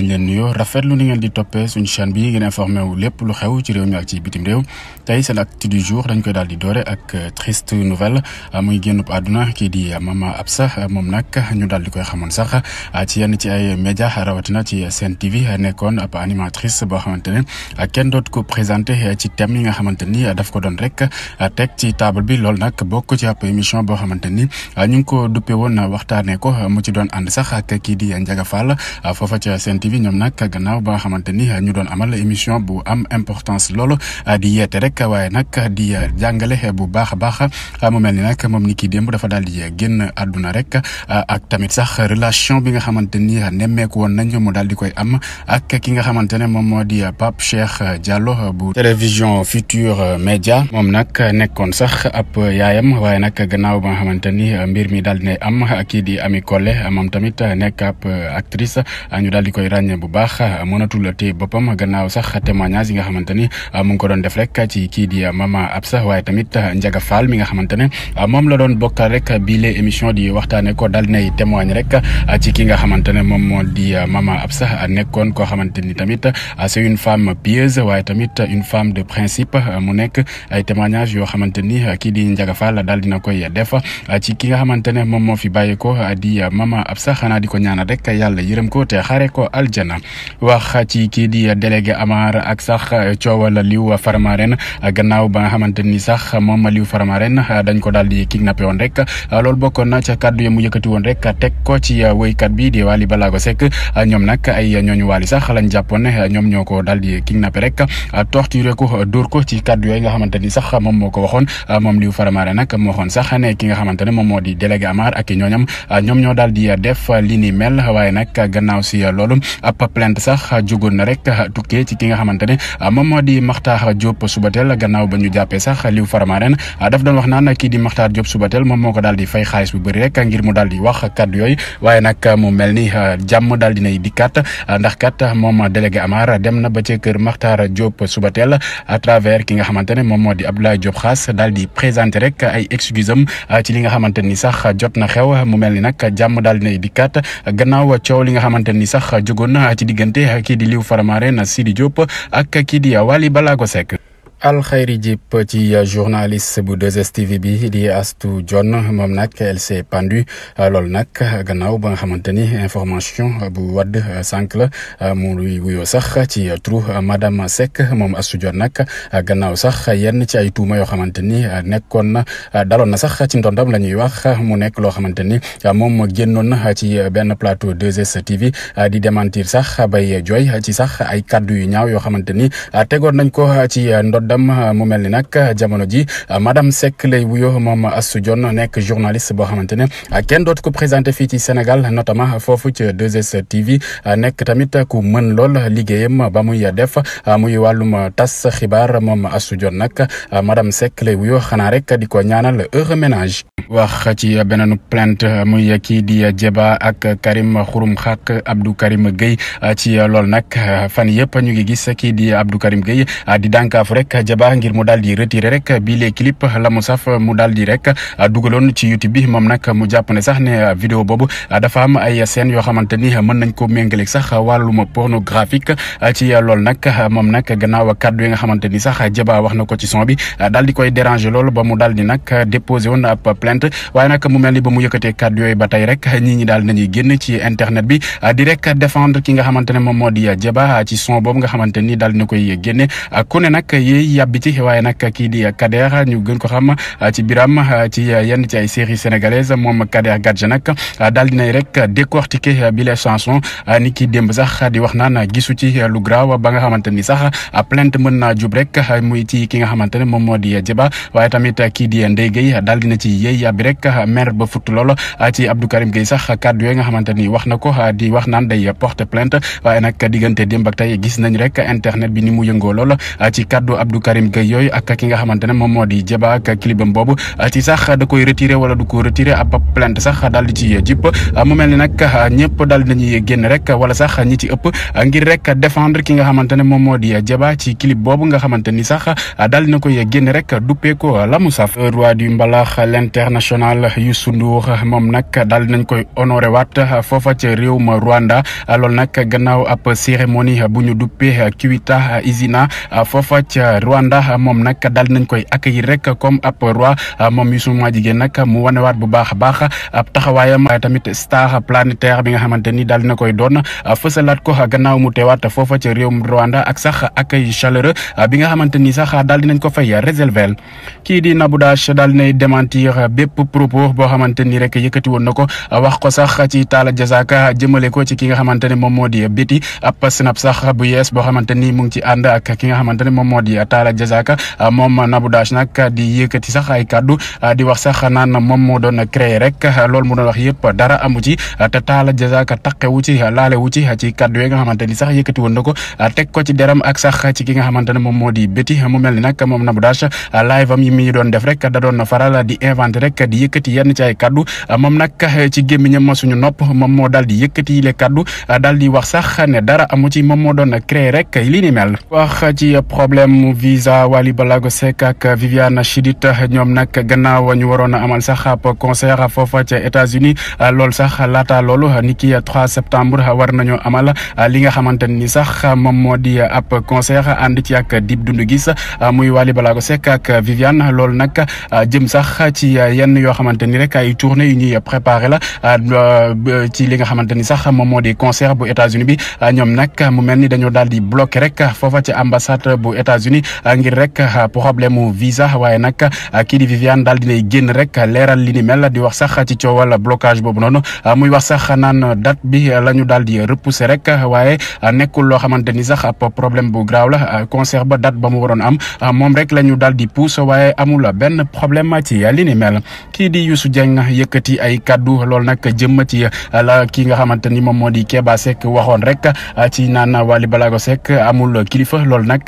bañ leen nuyoo rafetlu ni ngeen di toppee suñu chaîne bi ngeen informé wu lépp lu xew ci réew mi ak ci bitim réew tey c'est l'actu du jour dañ koy daal di doore ak euh, triste nouvelle euh, muy génn àdduna kii di euh, Mama Absa moom nag ñu daal di koy xamoon sax ci yenn ci ay média rawatina ci Sen TV nekkoon ab animatrice boo xamante ne kenn dootu ko présenté ci thème yi nga xamante ni daf ko doon rek teg ci table bi loolu nag bokk ci ab émission boo xamante ni ñu ngi ko duppe woon waxtaanee ko mu ci doon ànd sax ak kii di Ndiaga Fall foofa ci Sen TV ñoom nag gannaaw ba nga xamante ni ñu doon amal émission bu am importance loolu ah, di yeete rek waaye nag di jàngale bu baax a baax ah, mu mel ni nag moom ni kii démb dafa daal di génn àdduna rek ah, ak tamit sax relation bi nga xamante ni nemmeeku woon nañ mu daal di koy am ak ki nga xamante ne moom moo di Pape Cheikh Diallo bu télévision Futur Média moom nag nekkoon sax ab yaayam waaye nag gannaaw ba nga ni mbir mi daal di am kii di Ami Collé moom tamit nekk ab actrice ñu daal di koy ràññee bu baax ah, mënatul téye boppam gannaaw sax témoignage yi nga xamante a ah, mu ko doon def rek ci kii di ah, mama Absa waaye tamit mi nga xamante ne moom la doon bokkal rek bii les émission di waxtaanee ko daal nay témoigne rek ci ki nga xamante ne moom moo di mama Absa nekkoon koo xamante ni tamit c'est une femme pieuse waaye tamit une femme de principe mu nekk ay témoignages yoo xamante ni kii di Ndiaga Fall daal dina koy def ci ki nga xamante ne moom moo fi bàyyi ko di mama Absa xanaa di ko ñaanal rek yàlla yërëm ko te xaaree ko. aljana wax ci kii di délégué Amar ak sax coowal Liw Farmaren gannaaw ba nga xamante ni sax moom Liw Farmaren dañ ko daal di kidnappé woon rek loolu bokkoon na ca kàddu ya mu yëkkati woon rek teg ko ci woykat bi di Wally Ballago Seck ñoom nag ay ñooñu Wally sax lañ jàppoon ne ñoom ñoo ko daal di kidnappé rek torturé ko dóor ko ci kàddu yooyu nga xamante ni sax moom moo ko waxoon moom Liw Farmaren nag moo waxoon sax ne ki nga xamante ne moom moo di délégué Amar ak ñooñam ñoom ñoo daal di def li ni mel waaye nag gannaaw si loolu ab plainte sax jógoon na rek tukkee ci ki nga xamante ne moom moo di Makhtar Diop Soubatel gannaaw ba ñu jàppee sax liw Faramaren daf doon wax naan kii di Makhtar Diop Soubatel moom moo ko daal di fay xaalis bu bëri rek ngir mu daal di wax kaddu yooyu waaye nag mu mel ni ah, jàmm daal dinay dikkaat ah, ndax kat moom délégué Amar dem na ba ca kër Makhtar Diop Soubatel à travers ki nga xamante ne moom moo di Abdoulaye Diop Xaas daal di présenté rek ay excuse am ah, ci li nga xamante ni sax jot na xew mu mel ni nag jàmm daal dinay dikkaat gannaaw coow li nga xamante ni sax jóg amagoon ci diggante kii di Liw Faramareen Sidi Diop ak kii di Wally Balago Seck alxayri jip ci journaliste bu 2STV bi di Astou Dione moom nag elle s'est pendue loolu nag gannaaw ba nga xamante ni information bu wadd sànq la mu luy wuyoo sax ci trou madame Seck moom Astou Dione nag gannaaw sax yenn ci ay tuuma yoo xamante ni nekkoon na daloon na sax ci ndondam la ñuy wax mu nekk loo xamante ni moom génnoon ci benn plateau 2STV di demantir sax bay jooy ci sax ay kaddu yu ñaaw yoo xamante ni tegoon nañ ko ci ndodd kàddam mu mel ni nag jamono ji madame Seck lay wuyoo moom Astou Dione nekk journaliste boo xamante ne kenn dootu ko présenté fii ci Sénégal notamment foofu ci 2STV nekk tamit ku mën lool liggéeyam ba muy def muy wàllum tas xibaar moom Astou Dione nag madame Seck lay wuyoo xanaa rek di ko ñaanal heureux ménage. wax ci beneen plainte muy kii di Jeba ak Karim Xurum Xaq Abdou Karim Gueye ci loolu nag fan yëpp ñu ngi gis kii di Abdou Karim rek. Jaba ngir mu daal di retiré rek bii les ni mën nañ ko méngaleeg sax wàllum pornographique ci loolu nag moom nag gannaaw kàddu yi nga xamante ni sax ko ci son bi daal di koy déranger loolu ba mu daal di nag déposé woon a plainte waaye nag mu mel ni ba mu yëkkatee kàddu yooyu ba tey rek ñii ñi daal nañuy génn ci internet bi a rek défendre ki nga xamante ne moom moo di Jaba ci son boobu génne ku ne nag yéey yàbbi ci waaye nag kii di Kader ñu gën ko xam ah, ci biram ah, ci ah, yenn ci ay séries sénégalaises moom Kader Gadji nag daal dinay rek décortiquer bi les chansons ni ki démb sax di wax naan gisu ci lu graaw ba nga xamante ni sax plainte mën naa jub rek muy ci ki nga xamante ne moom moo di Jeba waaye tamit kii di Ndeye Gueye daal dina ci yéey rek mer ba futt lool ci Abdou Karim Gueye sax kàddu yooyu nga xamante ni wax na ko di wax naan day porter plainte waaye nag diggante démb ak tey gis nañ rek internet bi ni mu yëngoo lool ci kàddu Abdou Abdou Karim Gueye yooyu ak ki nga xamante ne moom moo di Jeba ak ah, ci sax da koy retiré wala du ko a ab plainte sax daal di ci jip ah, mu mel ni nag ah, ñëpp daal dinañuy génn rek wala rek défendre ki nga xamante ne moom moo di Jeba ci clip boobu nga xamante ni sax daal dina koy rek duppee ko la mu a roi du mbalax l'international Youssou Ndour moom nag daal dinañ koy honoré waat foofa ca réew ma Rwanda loolu nag gannaaw ab cérémonie bu ñu duppee Kiwita Izina foofa ca Rwanda moom nag daal nañ koy accueillir rek comme ab roi moom Youssou Madjiguène nag mu wanewaat bu baax a baax ab taxawaayam waaye tamit star planétaire bi nga xamante ni daal na koy doon fësalaat ko gannaaw mu teewaat foofa ca réewum Rwanda ak sax accueil chaleureux bi nga xamante ni sax daal dinañ ko fay réserver kii di Nabou Dash daal dinay démentir bépp propos boo xamante ni rek yëkkati woon na ko wax ko sax ci Talla Diazaka jëmale ko ci ki nga xamante ne moom moo di Betty ab snap sax bu yees boo xamante ni mu ngi ci ànd ak ki nga xamante ne moom moo di taala jazaka euh, moom a Dash nag di yëkkati sax ay kàddu euh, di wax sax naan moom moo doon créé rek euh, loolu mu doon wax yëpp dara amu ci te taala jazaka taqewu ci laalewu ci ci kàddu yi nga xamante ni sax yëkkati woon na ko teg ko ci deram ak sax ci ki nga xamante ne moom moo di béti mu mel ni nag moom Nabou Dash live am yi mi doon def rek da doon faral di inventé rek di yëkkati yenn ci ay kàddu moom nag ci gémmiñam ma suñu nopp moom moo daal di yëkkati le kàddu daal di wax sax ne dara amu ci moom moo doon a créé rek li ni mel wax ci problème Visa Wally Balago Seck ak Viviane Chidid ñoom nag gannaaw ñu waroon a amal sax ab concert foofa ca États-Unis loolu sax laata loolu ni ki 3 septembre war nañoo amal li nga xamante ni sax moom moo di ab concert and ci ak Dip Doundou Guiss muy Wally Balago Seck ak Viviane loolu nag jëm sax ci yenn yoo xamante ni rek ay tournée yu ñuy préparé la ci li nga ni sax moom moo di concert bu États-Unis bi ñoom nag mu mel ni dañoo daal Ah, ngir rek ah, problème mu visa waaye nag ah, kii di Viviane daal dinay génn rek leeral li ni mel di wax sax ci coowal blocage boobu noonu muy wax sax naan dat bi la ñu daal di repousser rek waaye nekkul loo xamante ni sax ab problème bu graaw la concert ba date ba mu waroon am moom rek la ñu daal di pousse waaye amul benn problème ci li ni mel kii di Youssou Dieng yëkkati ay kaddu loolu nag jëmma ci la kii nga xamante ni moom moo di Keba Seck waxoon rek ci naan Wally Balago Seck amul kilifa loolu nag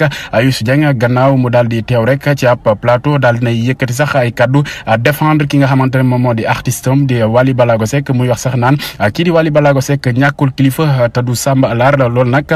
gannaaw mu daal di teew rek ci ab plateau daal di nay yëkkati sax ay kaddu défendre ki nga xamante ne moom moo di artiste am di Wally Ballago Seck muy wax sax naan kii di Wally Ballago Seck ñàkkul kilifa te du Samba Alaar loolu nag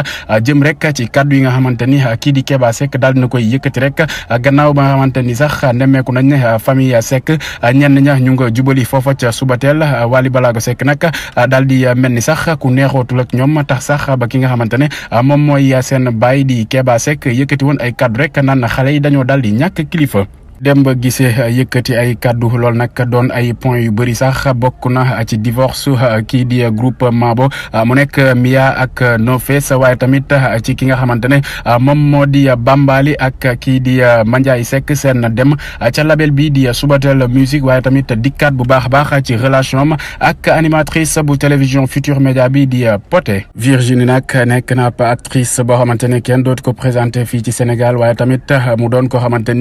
jëm rek ci kaddu yi nga xamante ni kii di Keba Seck di na koy yëkkati rek gannaaw ba nga xamante ni sax nemmeeku nañ ne famille Seck ñenn ña ñu nga jubali foofa ca subateel Wally Ballago Seck nag daal di mel ni sax ku neexootul ak ñoom tax sax ba ki nga xamante ne moom mooy seen baay di Keba Seck yëkkati woon ay kaddu rek rek naan xale yi dañoo dal di ñàkk kilifa Demba Guissé ah, yëkkati ay kaddu lool nag don ay point yu bëri sax bokk na ah, ci divorce ah, kii di groupe Mabo mu nekk Mia ak Nofees waaye tamit ci ki nga xamante ne moom moo di Bambali ak kii di Mandiaye sekk seen dem ca label bi di Subatel Musique waaye tamit dikkaat bu baax a baax ci relation am ak animatrice bu télévision Futur Média bi di Poté. Virginie nag nekk na actrice boo xamante ne kenn dootu ko présenté fii ci Sénégal waaye tamit mu doon ko xamante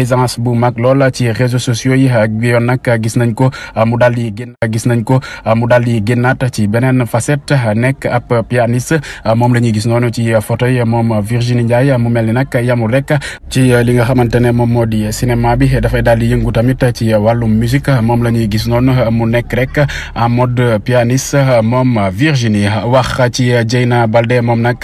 présence bu mag lool ci réseaux sociaux yi bi yoon nag gis nañ ko mu daal di gis nañ ko mu daal di génnaat ci beneen facette nekk ab pianiste moom la ñuy gis noonu ci photo yi moom Virginie Ndiaye mu mel ni nag yamul rek ci li nga xamante ne moom moo di cinéma bi dafay daal di yëngu tamit ci wàllum musique moom la ñuy gis noonu mu nekk rek en mode pianiste moom Virginie wax ci Dieyna Baldé moom nag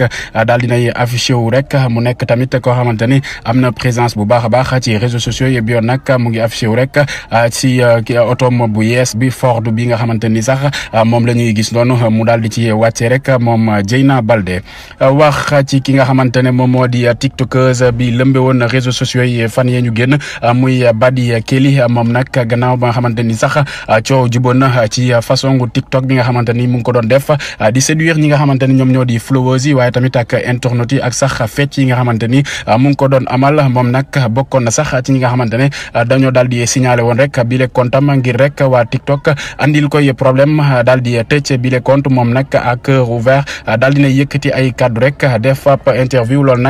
daal dinay affiché wu rek mu nekk tamit koo xamante ni am na présence bu baax a baax ci réseaux sociaux yëpp yoon nag mu ngi affiché wu rek ah, ci ah, ah, otom bu yees bi Ford bi nga xamante ni sax moom la ñuy gis noonu mu daal di ci wàcce rek moom Dieyna Baldé wax ci ki nga xamante ne moom moo di tiktokeuse bi lëmbe woon réseaux sociaux yi fan yee ñu génn muy Badi Kelly moom nag gannaaw ba nga xamante ni sax coow na ci façon gu tiktok bi nga xamante ni mu ko doon def a séduire ñi nga xamante ni ñoom ñoo di yi waaye sax ci ñi nga xamante ne ah, dañoo daal di signalé woon rek bile kontam ngir rek waa TikTok andil koy problème ah, daal di tëj bile compte moom nag a cœur ouvert ah, daal di na yëkkati ay kaddu rek def ab interview loolu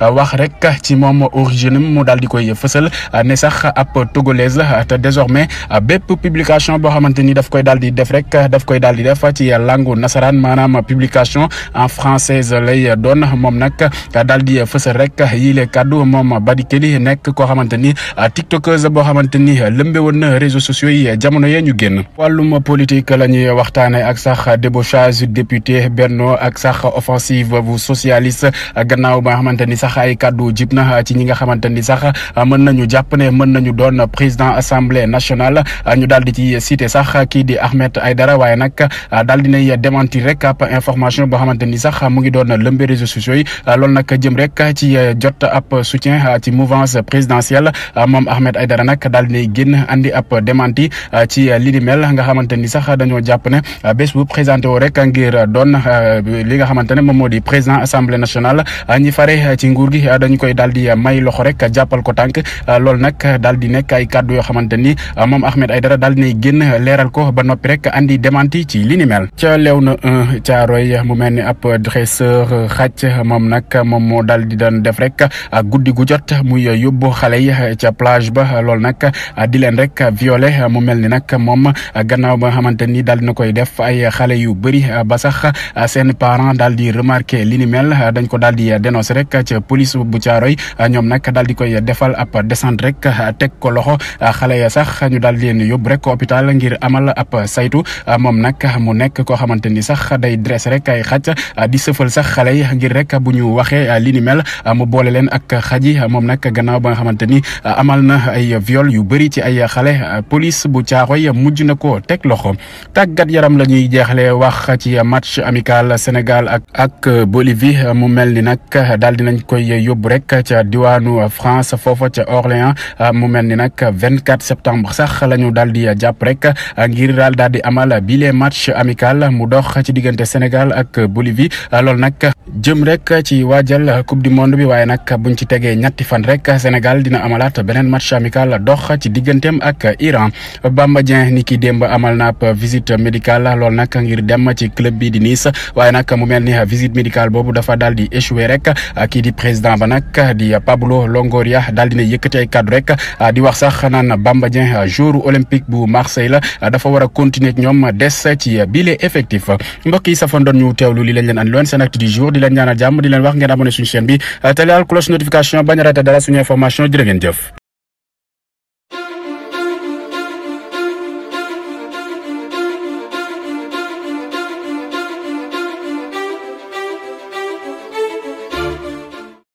a wax rek ci moom origine mu daal di koy fësal ne sax ab togolaise désormais bépp publication boo xamante daf koy daal di def rek daf koy daal di def ci langue nasaraan maanaam publication en française lay doon moom nag daal di xamante ni ah, tiktokeuse boo xamante ni ah, lëmbe woon na réseaux sociaux yi ah, jamono yee ñu génn wàllum politique la ñuy waxtaane ak sax débauchage député Benno ak sax offensive bu socialiste gannaaw ba nga xamante ni sax ay kaddu jib na ci ñi nga xamante ni sax mën nañu jàpp ne mën nañu doon président assemblée nationale ñu daal di ci cité sax kii di Ahmed Aïdara waaye nag daal dinay démentir rek ab information boo xamante ni sax mu ngi doon lëmbe réseaux sociaux yi loolu nag jëm rek ci jot ab soutien ci mel ah, moom Ahmed Aidara nag daal di génn andi ab démenti ah, ci li di nga xamante ni sax dañoo jàpp ne ah, bés bu présenté woo rek ngir doon li nga ne moom moo di président assemblée nationale ñi fare ci nguur gi dañu koy daal di may loxo rek jàppal ko tànk loolu nag daal di nekk ay kàddu yoo xamante ni moom Ahmed Aidara daal di génn leeral ko ba noppi rek andi démenti ci li ni mel. ca lew na un caaroy mu mel ni ab dresseur xaj moom nag moom moo daal yi ca plage ba loolu nag di leen rek violé mu mel ni nag moom gannaaw ba nga xamante ni koy def ay xale yu bëri ba sax seen parents daal di remarqué li ni mel dañ ko daal di dénoncé rek ca police bu Thiaroye ñoom nag daal di koy defal ab descente rek teg ko loxo xale ya sax ñu daal di leen yóbbu rek hôpital ngir amal ab saytu moom nag mu nekk koo xamante ni sax day dress rek ay xaj di sëfal sax xale yi ngir rek bu ñu waxee li ni boole leen ni euh, amal na ay viol yu bëri ci ay xale euh, police bu Caaroy mujj na ko teg loxo tàggat yaram la ñuy jeexle wax ci match amical Sénégal ak ak Bolivie mu mel ni nag daal dinañ koy yóbbu rek ca diwaanu France foofa ca Orléans euh, mu mel ni nag vingt quatre septembre sax lañu ñu daal di jàpp rek ngir daal daal di amal bile match amical mu dox ci diggante Sénégal ak Bolivie loolu nag jëm rek ci waajal coupe du monde bi waaye nag buñ ci tegee ñetti fan rek Sénégal dina amalaat beneen match amical dox ci digganteem ak Iran Bamba Dieng ni ki démb amal na ab visite lool nag ngir dem ci club bi di Nice waaye nag mu mel ni visite médicale boobu dafa dal di échoué rek kii di président ba nag di Pablo Longoria daal di na yëkkati ay kaddu rek di wax sax naan Bamba Dieng jour olympique bu Marseille la dafa war a continuer ak ñoom des ci bile effectif mbokk yi safoon doon ñu teewlu li lañ leen andi loon seen acte du jour di leen ñaanal leen wax ngeen abonné suñu chaîne bi ngeen jëf